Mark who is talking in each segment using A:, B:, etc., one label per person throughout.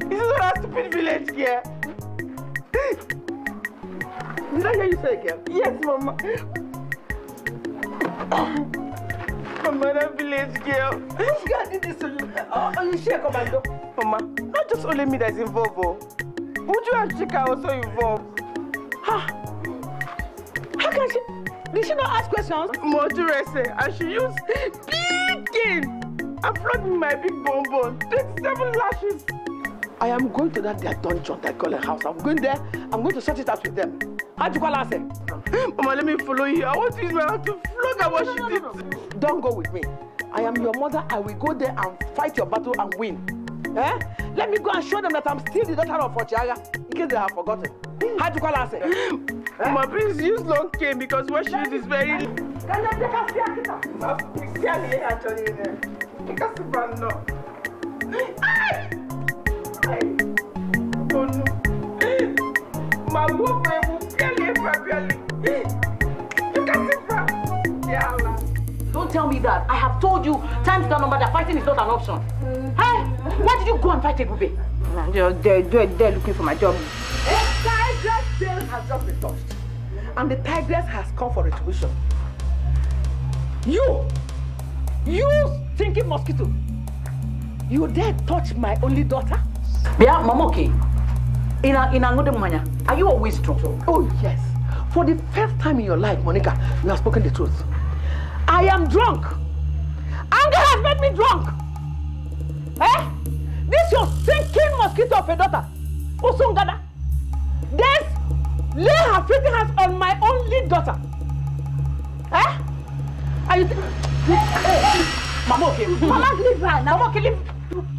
A: this is not a stupid village here. Did I hear you say girl? Yes, Mama. Mama, that village girl. You guys did this to you. Oh, you share commando. Mama, not just only me that's involved. Would you and Chika also involved. Ha! How can she? Did she not ask questions? Modurese, and she used big cane and flogged my big bonbon. 27 lashes. I am going to that their dungeon, that call a house. I'm going there. I'm going to sort it out with them. How do you call her? Mama, let me follow you. I want to use my hand to flog her what she did. Don't go with me. I am your mother. I will go there and fight your battle and win. Eh? Let me go and show them that I'm still the daughter of Ochiaga, in case they have forgotten. How do you call her? Eh? Mama, please use long cane because what she is is very... Can you take a siakita? Mama, you can't hear here, Johnny. Take a super no. Ay! Don't tell me that. I have told you times the number that fighting is not an option. Mm. Hey, why did you go and fight Ebube? They're, they're, they're looking for my job. A tigress tail has just been touched. And the tigress has come for retribution. You! You stinking mosquito! You dare touch my only daughter? Bia, Mama, okay. In a, in a manya. Are you always strong? Oh, yes. For the first time in your life, Monica, you have spoken the truth. I am drunk. Anger has made me drunk. Eh? This your stinking mosquito of a daughter, Usungada. This lay her filthy hands on my only daughter. Eh? Are you... Mama, okay. Mama, leave her now. Mama, okay, leave.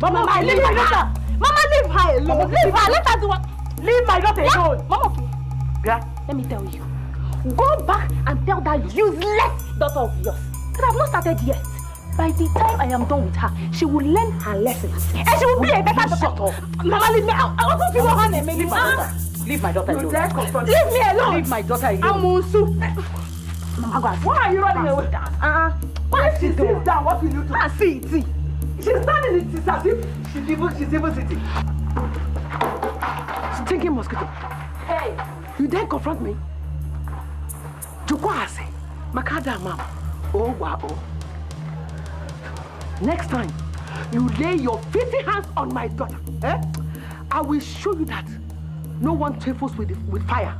A: Mama, Mama leave her now. Mama, leave her alone. Mama, leave her. Let her do what. Leave my daughter yeah. alone. Mama, okay. Yeah. Let me tell you. Go back and tell that useless daughter of yours that I've not started yet. By the time I am done with her, she will learn her lessons. And she will be a better daughter. Shut up. Mama, leave me. I, I want to see what her name is. Leave my daughter. Leave my daughter alone. Leave me alone. Leave my daughter alone. Amunsu. Mama, go and Why are you running away? Uh-uh. Why sit down? What will you do? Ah, see, see. She's standing in the as if she's evil, she's evil city. Stinking mosquito. Hey! You dare confront me? Jukwase, Makada mama. oh wow. Oh. Next time, you lay your filthy hands on my daughter, eh? I will show you that no one trifles with, with fire,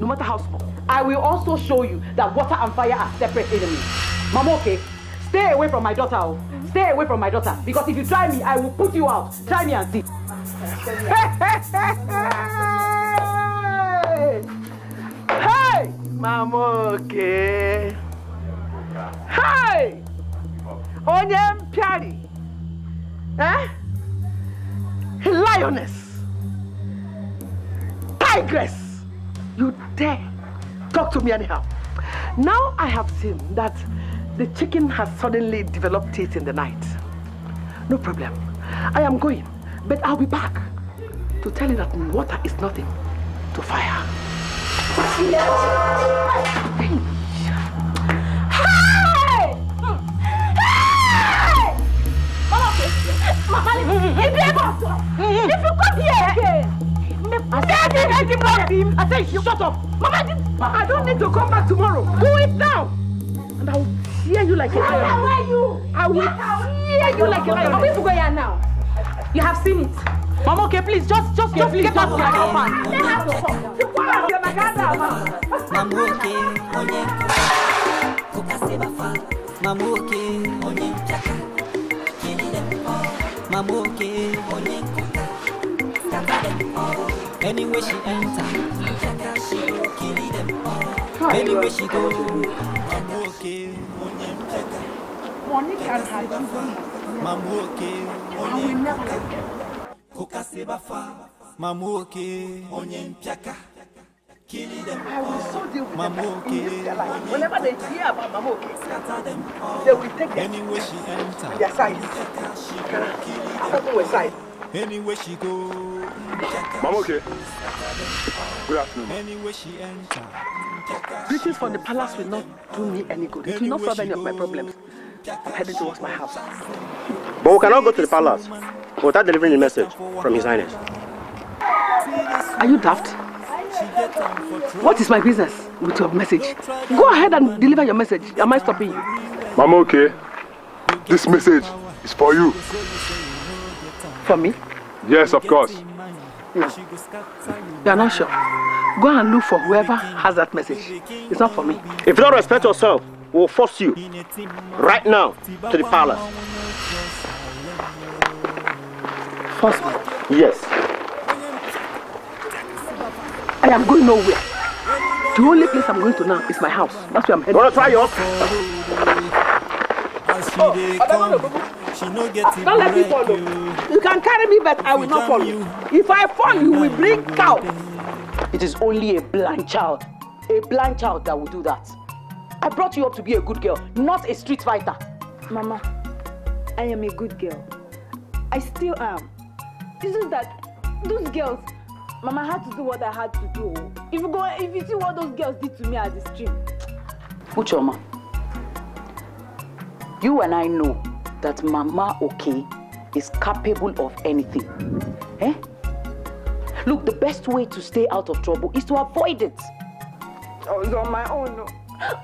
A: no matter how small. I will also show you that water and fire are separate enemies. Mama, okay? stay away from my daughter oh! Mm-hmm. stay away from my daughter because if you try me i will put you out try me and see. hey mama oke hey onye mpiari eh? lioness tigress you dare talk to me anyhow now i have seen that. The chicken has suddenly developed teeth in the night. No problem. I am going, but I'll be back to tell you that water is nothing to fire. Hey. If you come here again, Daddy, I did him. I said, shut up. Mama, I don't need to come back tomorrow. Do it now and I will tear you like a lion. Where are you? I will tear you like a lion. Are we to go here now? You have seen it. Mama, okay, please, just, just, just please, get out of my house. Let her go home. You come my house. Mamuke, onye, kukaseba fa. Mamuke, onye, chaka, kilile mpo. Mamuke, she enter, chaka, she kilile Baby, where she go? I'm I will never let them. Koka sebafa. I'm okay. Onyen piaka. I Whenever they hear about Mama they will take them. Their size. I don't know her size. Anywhere she go. Mama, okay. Good afternoon. Anywhere she enter. Greetings from the palace will not do me any good. It will not solve any of my problems. I'm heading towards my house. But we cannot go to the palace without delivering the message from His Highness. Are you daft? What is my business with your message? Go ahead and deliver your message. Am I stopping you? Mama, okay. This message is for you for me? Yes, of course. You are not sure? Go and look for whoever has that message. It's not for me. If you don't respect yourself, we'll force you right now to the palace. Force me? Yes. I am going nowhere. The only place I'm going to now is my house. That's where I'm heading. Wanna try yours? Oh, don't let me fall. You. you can carry me, but I will not fall. If I fall, you will bring cow. It is only a blind child, a blind child that will do that. I brought you up to be a good girl, not a street fighter. Mama, I am a good girl. I still am. It's just that those girls, Mama had to do what I had to do. If you go, if you see what those girls did to me at the street. Uchoma, you and I know that Mama Okay is capable of anything. Eh? Look, the best way to stay out of trouble is to avoid it. I was on my own. No.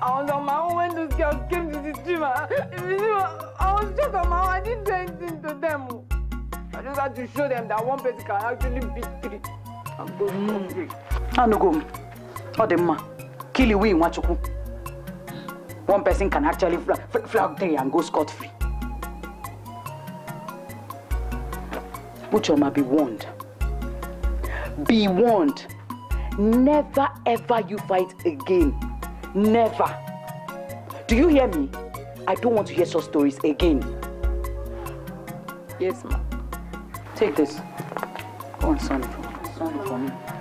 A: I was on my own when those girls came to the stream. I was just on my own. I didn't do anything to them. Oh. I just had to show them that one person can actually beat three. I'm going mm. to i ah, no go going. Oh, the ma. Kill you, Wachuku. One person can actually flag, flag three and go scot free. Uchoma, be warned. Be warned. Never ever you fight again. Never. Do you hear me? I don't want to hear such stories again. Yes, ma'am. Take this. Go on, son. Son for me.